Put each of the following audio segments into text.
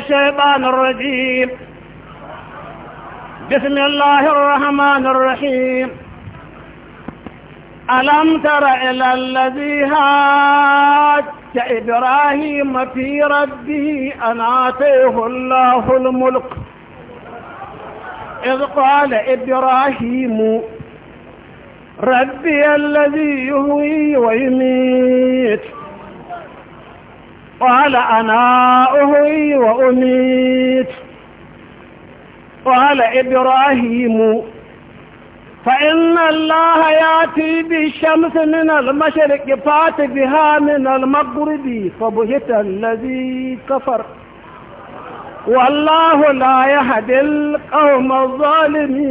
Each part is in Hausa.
الشيطان الرجيم بسم الله الرحمن الرحيم ألم تر إلى الذي هاج إبراهيم في ربه أن آتيه الله الملك إذ قال إبراهيم ربي الذي يهوي ويميت قال أنا أهي وأميت قال إبراهيم فإن الله يأتي بالشمس من المشرق فات بها من المغرب فبهت الذي كفر والله لا يهدي القوم الظالمين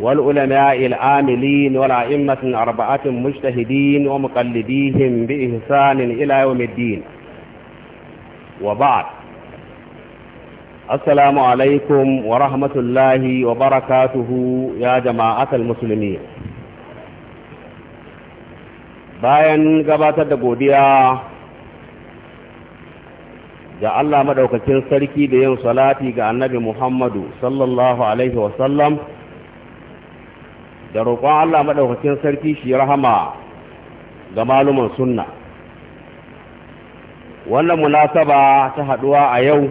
والعلماء العاملين والأئمة أربعة مجتهدين ومقلديهم بإحسان إلى يوم الدين وبعد السلام عليكم ورحمة الله وبركاته يا جماعة المسلمين bayan gabatar da godiya ga Allah madaukakin sarki da yin salati ga annabi Muhammadu sallallahu alaihi wasallam da roƙon Allah maɗaukakin sarki shi rahama ga maluman sunna wannan munasaba ta haɗuwa a yau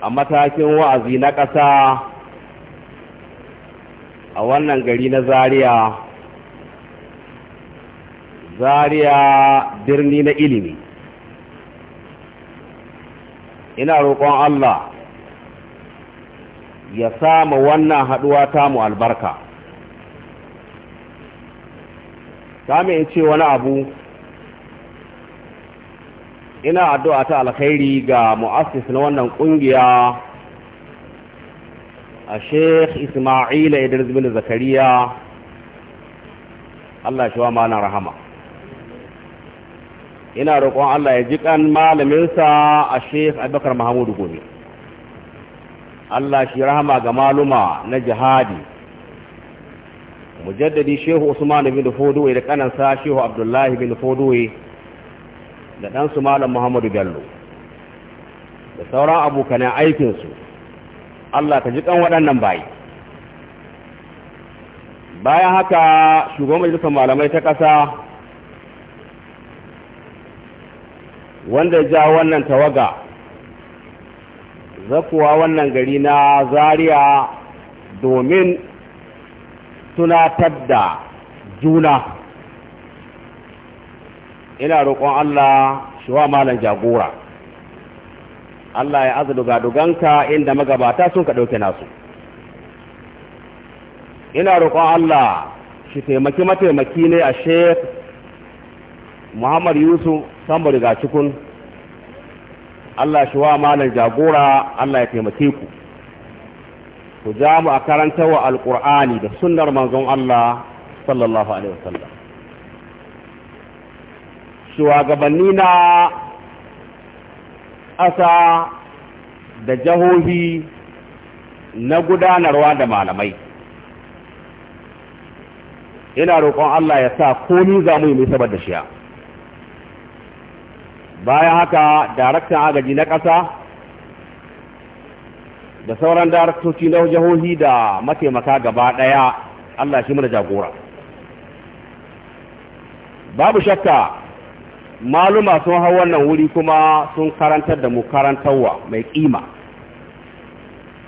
a matakin wa'azi na ƙasa a wannan gari na zaria zaria birni na ilimi ina roƙon Allah ya sama wannan ta mu albarka kame in ce wani abu ina addu'a ta alkhairi ga mu'assis na wannan ƙungiya a sheikh ismaila idris bin zakariya allah shi wa mana rahama ina roƙon allah ya ji kan malaminsa a sheikh abubakar mahamudu gobe Allah shi rahama ga maluma na jihadi mujaddadi shehu usman bin fodowe da kanansa shehu abdullahi bin fodowe da su malam muhammadu bello da sauran aikin su Allah ka ji kan waɗannan bayi bayan haka shugaban majalisar malamai ta ƙasa wanda ya ja wannan tawaga zakuwa wannan gari na zariya domin tunatar da juna ina roƙon Allah shi wa malam jagora Allah ya azuga duganka inda magabata sun ka ɗauke nasu ina roƙon Allah shi taimaki mataimaki ne a Sheikh Muhammad Yusuf Sambo daga cikin Allah shi wa malam jagora Allah ya taimake ku ku ja mu a wa Alƙur'ani da sunnar manzon Allah sallallahu alaihi wasallam shugabanni na ƙasa da jahohi na gudanarwa da malamai ina roƙon Allah ya sa komi za mu yi mai saboda da shiya bayan haka daraktan agaji na ƙasa da sauran daraktoci na jihohi da mataimaka gaba ɗaya Allah shi mana jagora babu shakka maluma sun hau wannan wuri kuma sun karantar da mu karantarwa mai ƙima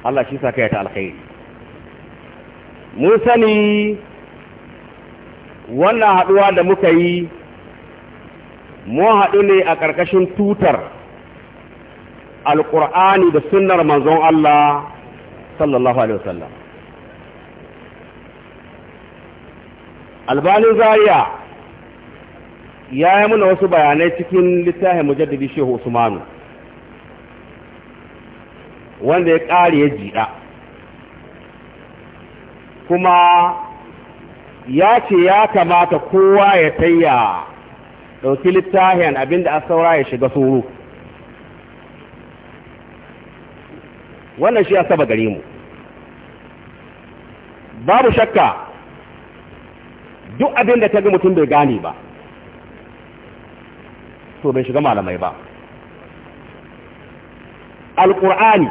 Allah shi sa ta alkhairi mun sani wannan haɗuwa da muka yi mu haɗu ne a ƙarƙashin tutar alƙur'ani da sunnar manzon Allah sallallahu alaihi wasallam albanin zariya ya yi muna wasu bayanai cikin littafin mujaddidi shehu usmanu wanda ya ƙari ya jiɗa kuma ya ce ya kamata kowa ya tayya ɗauki littafin abinda a saura ya shiga tsoro wannan shi ya saba gare mu babu shakka duk abinda ta ga mutum bai gane ba to bai shiga malamai ba alƙur'ani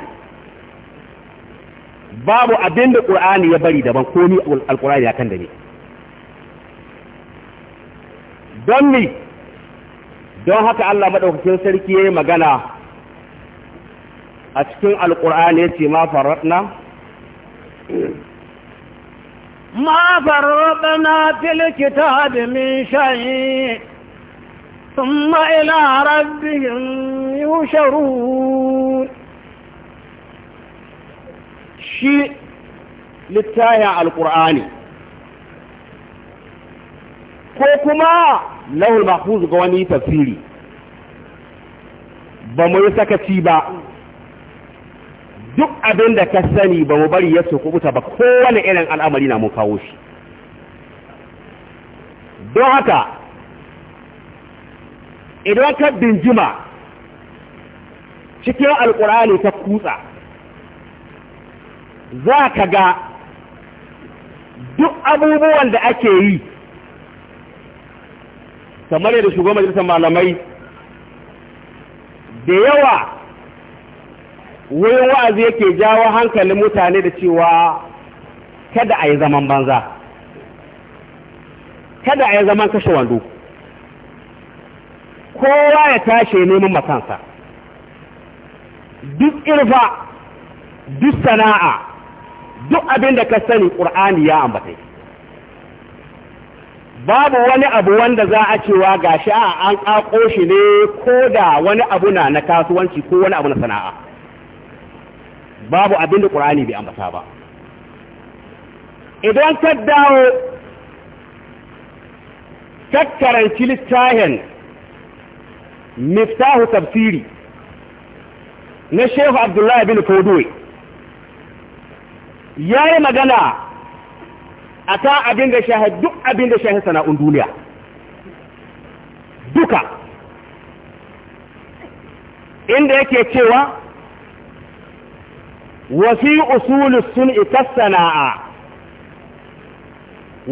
babu abinda ƙur'ani ya bari daban komi alƙur'ani ya kan ne don ni don haka Allah maɗaukacin sarki ya yi magana a cikin alƙur'an ya ce ma faratna ma fili filiki ta min shayi sun ma'ila rabin yiwu sharu shi littayin alƙur'ani ko kuma lahul mahfuz ga wani tafsiri ba mu yi sakaci ba duk abin da ka sani ba mu bari ya sukubuta ba kowane irin al'amari na mun kawo shi don haka idan ka dinjima cikin alkur'ani ta kutsa za ka ga duk abubuwan da ake yi kamar yadda shugaban majalisar malamai da yawa wurin wa'azi yake jawo hankalin mutane da cewa kada a yi zaman banza kada a yi zaman kashe wando kowa ya tashi neman makansa duk irfa duk sana'a duk abin da ka sani ƙur'ani ya ambatai babu wani abu wanda za a cewa ga shi a an ƙaƙo shi ne ko da wani abu na na kasuwanci ko wani abu na sana'a babu abin da ƙur'ani bai ambata ba idan ka dawo kakkaranci littafin miftahu tafsiri na shehu abdullahi bin fodoi ya yi magana a ta abin da shahe duk abin da shahe sana'un duniya duka inda yake cewa wafi usulus sun'i ta sana'a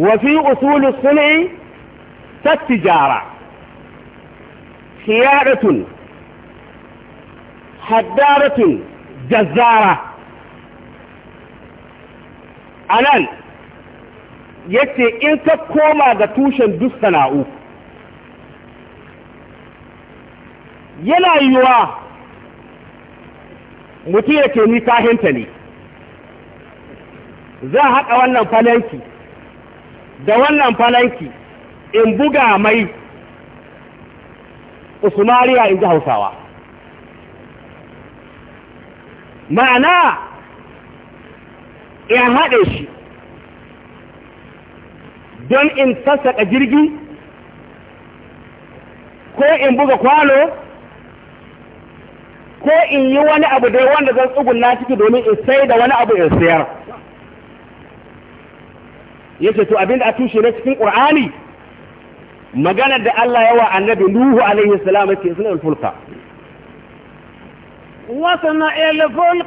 wafi usulus sun'i ta tijara siyaratun haddaratun jazzara a nan yace in ka koma ga tushen duk sana'u yana yiwuwa mutum ya yake ni kahinta ne zan haɗa wannan falanki da wannan falanki in buga mai usmariya in ji hausawa ma'ana in haɗe shi don in sassaka jirgi ko in buga kwano ko in yi wani abu dai wanda zan tsugunna ciki domin in sai da wani abu in sayar ce to abinda a tushe na cikin ƙur'ani, maganar da Allah yawa annabi nuhu alaihi salam yake suna alfulka wasana ilfulk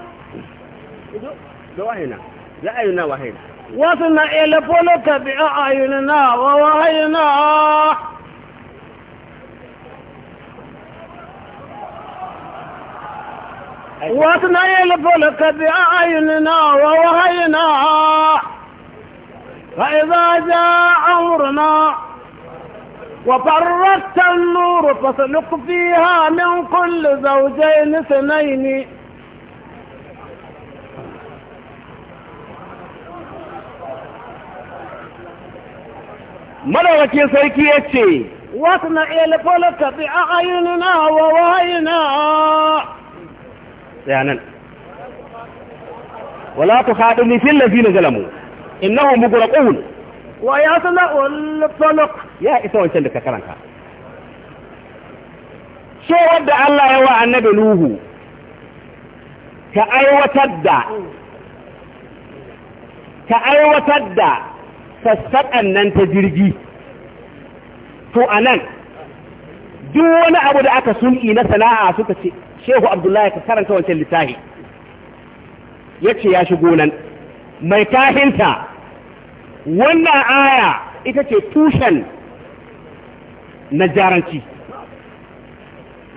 da wahina yi na wahina واصنع لفلك بأعيننا ووهينا واصنع لفلك بأعيننا ووهينا فإذا جاء أمرنا وفرت النور فاسلك فيها من كل زوجين اثنين madawacin sarki ya ce wasna ilfalka bi ayinina wa wayina tsayanan wala fi fil ladina zalamu innahum mughraqun wa yasna al-falq ya isa wancan da ka karanta so wadda Allah ya wa annabi Nuhu ka aiwatar da ka aiwatar da sassaƙan nan ta jirgi to a nan duk wani abu da aka sun'i na sana'a suka ce shehu abdullahi ka karanta wancan littafi ya ce ya shigo nan mai kahinta wannan aya ita ce tushen na jaranci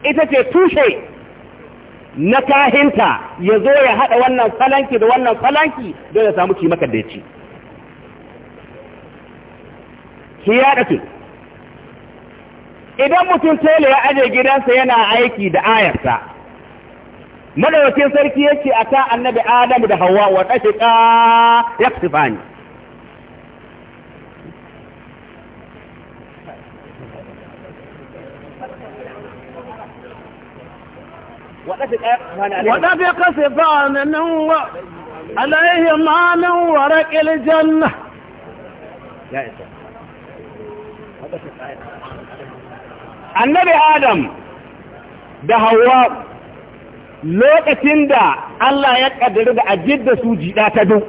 ita ce tushe na kahinta ya zo ya haɗa wannan falanki da wannan falanki don ya samu kimakar da ya ci hiyadatu idan mutum tele ya aje gidansa yana aiki da ayarsa madawacin sarki yake a ta annabi adamu da hawa wa ɗashiƙa ya ni. sifani وطفق سفان عليهما من ورق الجنة يا إسلام annabi adam da hawa lokacin da Allah ya kaddari da ajid da su jiɗa ta duk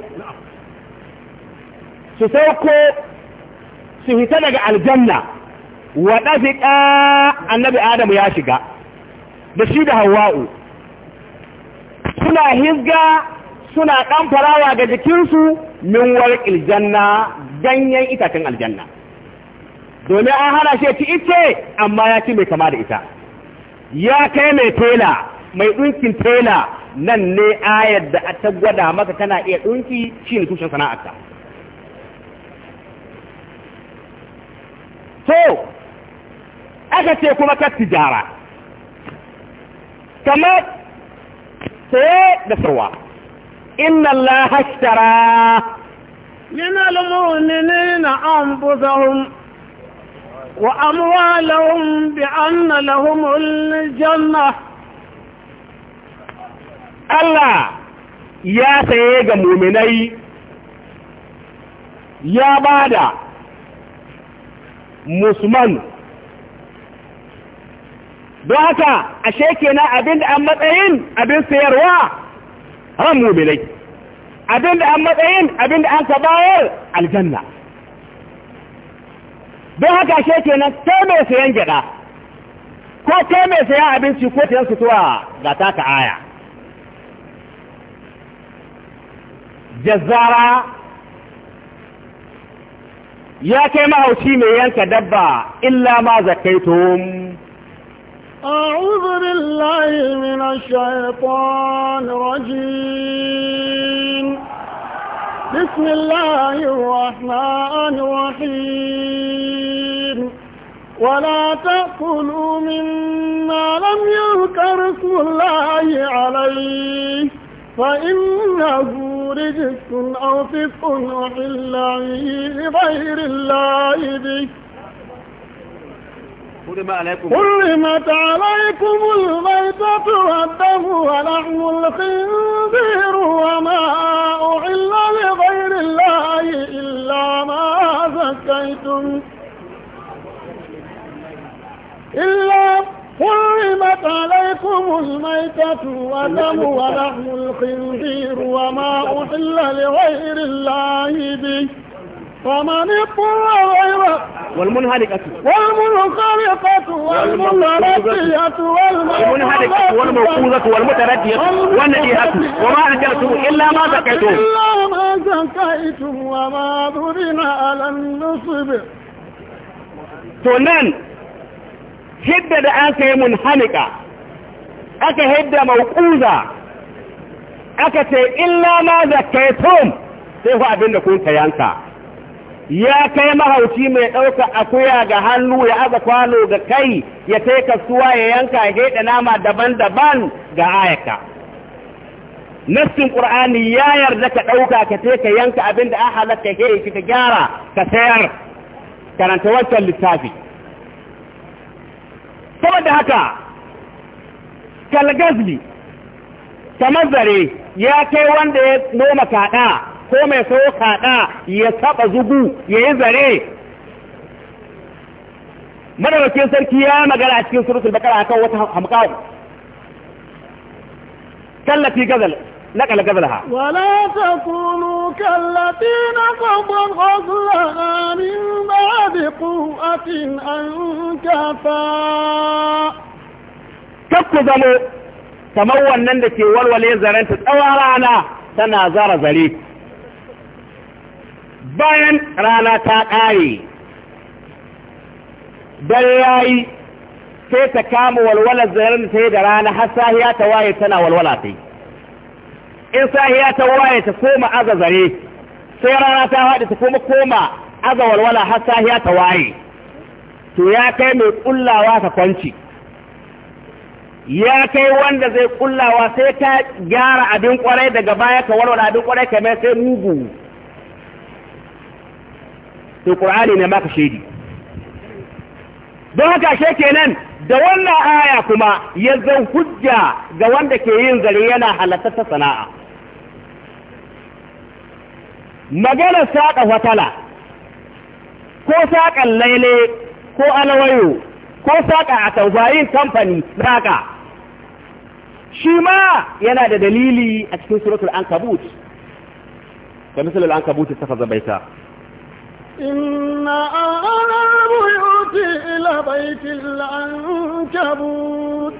su sauko su fita daga aljanna wa ɗafiƙa annabi adam ya shiga da shi da hawa'u suna hizga suna ɗan farawa ga jikinsu min warƙil janna ganyen itacen aljanna domin an hana shi ci ita amma ya ci mai kama da ita ya kai mai tela mai dunkin tela nan ne ayar da ta gwada maka tana iya dunki shi ne tushen sana'arta to aka ce kuma ta tijara kamar saye da sarwa inna Allah hashtara min al-mu'minina anfusahum وأموالهم بأن لهم الجنة Allah ya saye ga muminai ya bada musulman don haka ashe kenan abin da an matsayin abin sayarwa ran muminai abin da an matsayin abin da an ka bayar aljanna don haka shi nan sai mai sayan gyada ko kai mai sayan abinci ko sayan sutura ga taka aya jazzara ya kai mahauci mai yanka dabba illa ma zakaitum أعوذ بالله من الشيطان الرجيم بسم الله الرحمن الرحيم ولا تأكلوا مما لم يذكر اسم الله عليه فإنه رجس أو فسق أحل لغير الله به حرمت عليكم البيتة والدم ولحم الخنزير وما أحل لغير الله إلا ما زكيتم إلا حرمت عليكم الميتة ودم ولحم الخنزير وما أحل لغير الله به فمن اضطر غير والمنهلكة والمنخرقة والمتردية والمنهلكة والموقوذة والمتردية والنجيهة وما أنكرتم إلا ما زكيتم إلا ما زكيتم وما ذرنا على النصب تونان hidda da aka yi munhanika aka hidda mauquza aka ce illa ma zakaytum sai fa abinda kun yanka ya kai mahauci mai ɗauka akuya ga hannu ya aza kwano ga kai ya kai kasuwa ya yanka ya gaida nama daban-daban ga ayaka nassin ƙur'ani ya yarda ka ɗauka ka ce ka yanka da an halatta ka ka gyara ka sayar karanta wancan littafi da haka kalgazli kamar zare ya kai wanda ya noma kaɗa ko mai sayo kaɗa ya taɓa zugu ya yi zare madarakin sarki ya magana a cikin surutun bakara akan wata hamkawar tallafi gazal نقل قبلها ولا تكونوا كالتي نقضت غزلها من بعد قوة أنكفا كفزموا كموا النندك والولي زرنت أولانا تنازار زريك bayan rana ta ƙare don yayi sai ta kama walwalar zarar da ta yi da rana har sahiya ta waye tana walwala ta yi in sahiya ta waye ta koma aza zare sai rana ta haɗe ta koma koma aza walwala har sahiya ta waye to ya kai mai kullawa ta kwanci ya kai wanda zai kullawa sai ka gyara abin kwarai daga baya ka walwala abin kwarai kamar sai mugu to qur'ani ne maka shedi don haka she kenan da wannan aya kuma ya zan hujja ga wanda ke yin zare yana halatta sana'a maganar saƙa fatala ko saƙan laile ko alwayo ko saƙa a tauzayin kamfani raƙa shi ma yana da dalili a cikin suratul ankabut da misalul kabut ta fa zabaita inna a'ala buyuti ila baitil ankabut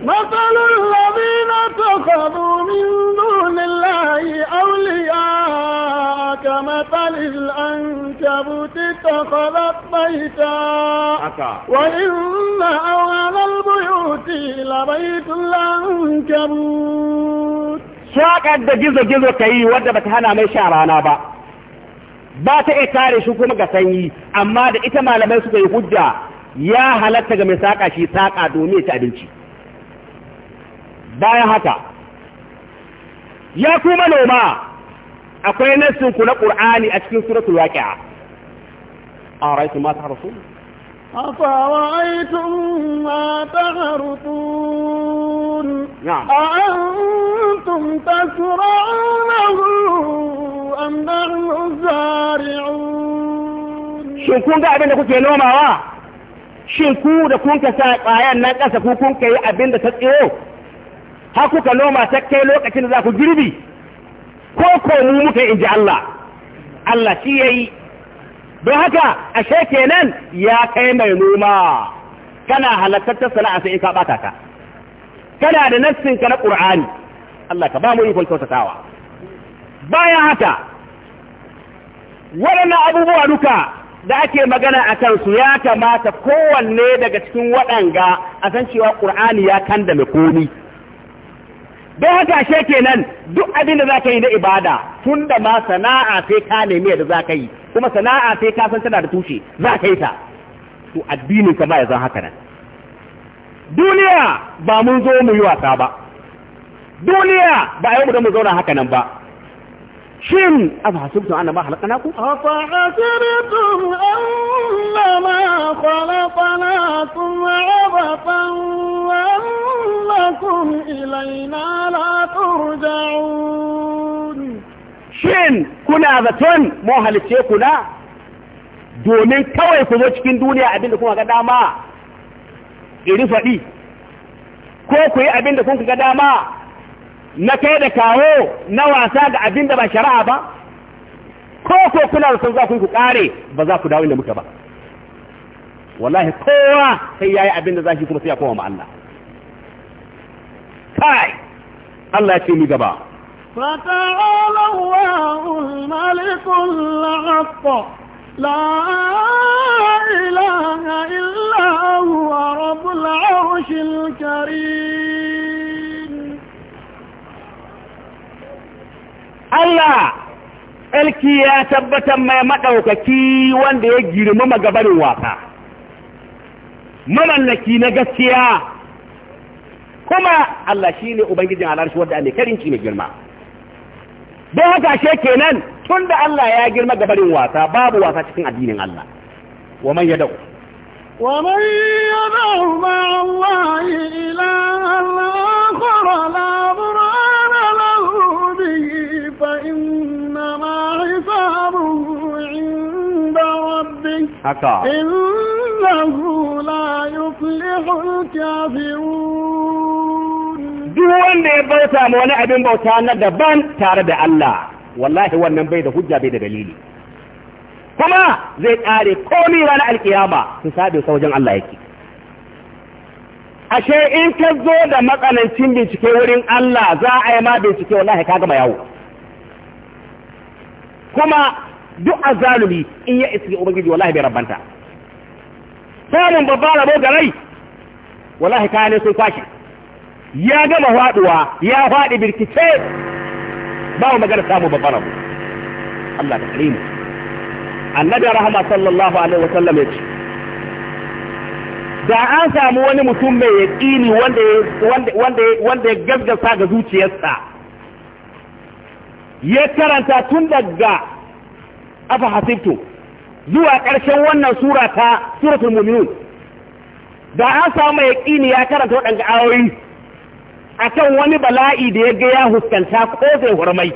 مثل الذين اتخذوا من دون الله أولياء كمثل الأنكبوت اتخذت بيتا وإن أول البيوت لبيت الأنكبوت shaƙar da gizo-gizo ka yi wadda ba ta hana mai sha rana ba ba ta iya kare shi kuma ga sanyi amma da ita malamai suka yi hujja ya halatta ga mai saƙa shi saƙa domin ya ci abinci bayan haka ya ku manoma akwai nassin ku na qur'ani a cikin suratul waqi'a araitu ma tahrusun afa ما ma نعم antum tasra'unahu am nahnu zari'un shin kun ga abin da kuke nomawa shin ku da kun ka sa ƙayan nan ƙasa ku kun kai abin da ta tsiro har kuka noma ta kai lokacin da za ku girbi ko ko mu muka in ji Allah Allah shi yayi don haka ashe kenan ya kai mai noma kana halattattar sana'a sai ka bata ka kana da nassin na Qur'ani Allah ka ba mu ikon kyautatawa bayan haka waɗannan abubuwa duka da ake magana a su ya kamata kowanne daga cikin waɗanga a san cewa ƙur'ani ya kandame komi don haka ashe kenan duk abin da za ka yi na ibada tun da ma sana'a sai ka nemi yadda za ka yi kuma sana'a sai ka san tana da tushe za ka yi ta to addinin ka ba ya zan haka nan duniya ba mun zo mu yi wasa ba duniya ba yau mu da mu zauna haka nan ba shin afahasibtum annama khalaqnakum afahasibtum annama khalaqnakum abatan wa لعلكم shin kuna zaton mun halice domin kawai ku zo cikin duniya abinda kuma ga dama iri faɗi ko ku yi abinda kun ga dama na kai da kawo na wasa ga abinda ba shari'a ba ko ko kuna zaton za ku kare ba za ku dawo inda muke ba wallahi kowa sai yayi abinda za shi kuma sai ya koma Allah kai Allah ya ce ni gaba فتعالى الله ya tabbatar mai maɗaukaki wanda ya girmama gabarin wasa, mamallaki na gaskiya kuma Allah shi ne Ubangijin alarshi wadda karin karinci ne girma. Don haka she kenan tun da Allah ya girma gabarin wasa babu wasa cikin addinin Allah. Wa man yadau. Wa man yadau ma Allah ila al-akhir la burana lahu bihi fa inna ma hisabuhu inda rabbih. Haka. Innahu la yuflihu al-kafirun. duk wanda ya bauta ma wani abin bauta na daban tare da Allah wallahi wannan bai da hujja bai da dalili kuma zai kare komai ranar alkiyama hisabin sa wajen Allah yake ashe in ka zo da matsanancin bincike wurin Allah za a yi ma bincike wallahi ka gama yawo kuma duk azalumi in ya isi ubangiji wallahi bai rabanta samun babbar rabo ga rai wallahi kayan sun kwashi ya gama faduwa ya faɗi birkice ba mu magana samu babban abu Allah ta kare annabi rahama sallallahu alaihi wa sallam yace da an samu wani mutum mai yaqini wanda wanda wanda ya gaggasa ga zuciyarsa ya karanta tun daga afa hasibtu zuwa ƙarshen wannan sura ta suratul mu'minun da an samu yaqini ya karanta waɗanda ayoyi akan wani bala'i da ya ga ya huskanta ko zai hurmai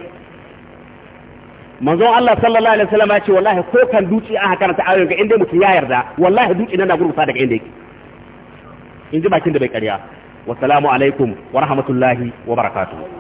manzon Allah sallallahu alaihi wasallam ya ce wallahi ko kan duci haka ta ayoyin ga inda mutum ya yarda wallahi duci nan na gurfa daga inda yake in ji bakin da bai karya wassalamu alaikum wa rahmatullahi wa barakatuh